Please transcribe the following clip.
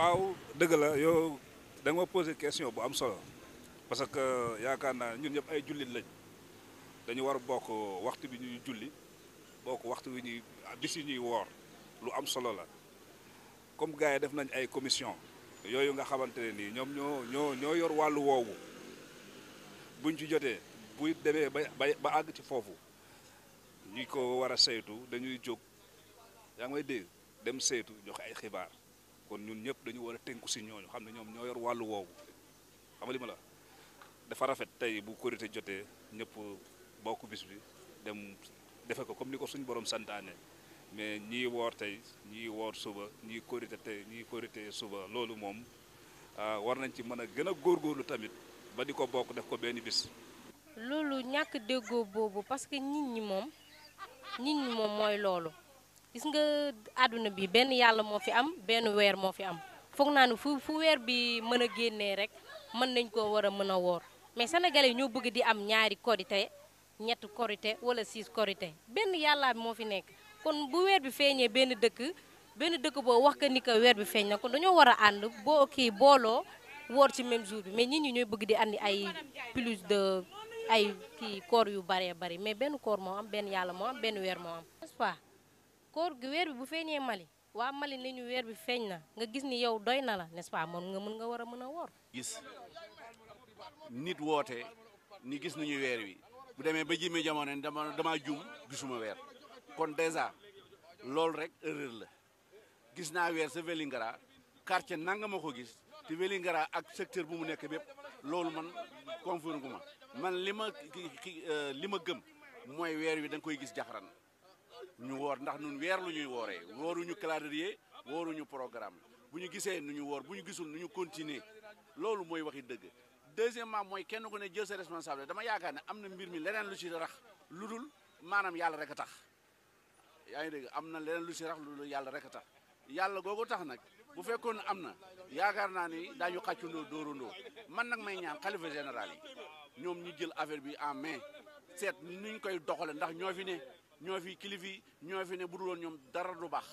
waaw dëgg la yow da nga ma posé question bu am solo parce que yaakaar naa ñun ñëpp ay jullit lañ dañu war bokk waxtu bi ñuy julli bokk waxtu bi ñuy bis yi ñuy woor lu am solo la comme gars yi def nañ ay commission yooyu nga xamante ne nii ñoom ñoo ñoo ñoo yor wàllu woowu buñ ci jotee buy demee ba ba àgg ci foofu ñi ko war a saytu dañuy jóg yaa ngi may dégg dem saytu joxe ay xibaar. kon ñun ñëpp dañu war a tënku si ñooñu xam ne ñoom ñoo yor wàllu woowu xam ma la dafa rafet tey bu korité jotee ñëpp bokk bis bi dem defe ko comme ni ko suñu borom santaane mais ñii woor tey ñii woor suba ñii korité tey ñii korité suba loolu moom ah, war nañ ci mën a gën a góorgóorlu tamit ba di ko bokk def ko benn bis. loolu ñàkk déggoo boobu parce que nit ñi moom nit ñi moom mooy loolu. gis nga àdduna bi benn yàlla moo fi am benn weer moo fi am foog naa ne fu fu weer bi mën a génnee rek mën nañ koo war a mën a woor mais yi ñoo bëgg di am ñaari korité ñett korité wala six korité benn yàlla moo fi nekk kon bu weer bi feeñee benn dëkk benn dëkk boo wax ko ni que weer bi feeñ na kon dañoo war a ànd boo kii booloo woor ci même jour bi mais nit ñi ñooy bëgg di andi ay plus de ay kii koor yu baree bari mais benn koor moo am benn yàlla moo am benn weer moo koor gi weer bi bu feeñee Mali waa Mali la ñu weer bi feeñ na nga gis ni yow doy na la n'est-ce moom nga mën nga war a mën a woor. gis nit woote ni gis nañu weer wi bu demee ba jëmee jamono dama damaa juum gisuma weer kon déjà loolu rek erreur la gis naa weer sa Vélingara quartier nanga ma ko gis te Vélingara ak secteur bu mu nekk bépp loolu man confirme gu man li ma euh, li ma gëm mooy weer wi da koy gis jaxaran ñu woor ndax ñun weer lu ñuy wooree ñu wooruñu calendrier ñu programme bu ñu gisee nu ñu woor bu ñu gisul nu ñu continuer loolu mooy waxi dëgg deuxièmement mooy kenn ku ne jël sa responsabilité dama yaakaar ne am na mbir mi leneen lu si rax lu dul maanam yàlla rek a tax yaa ngi dégg am na leneen lu ci rax lu yàlla rek a tax yàlla googu tax nag bu fekkoon ne am na yaakaar naa ni daañu xàccundoo dóorandoo man nag may ñaan xalifa général yi ñoom ñu jël affaire bi en main seet ni ñu koy doxale ndax ñoo fi ñoo fi kilifi yi ñoo fi ne bu dul ñoom dara du baax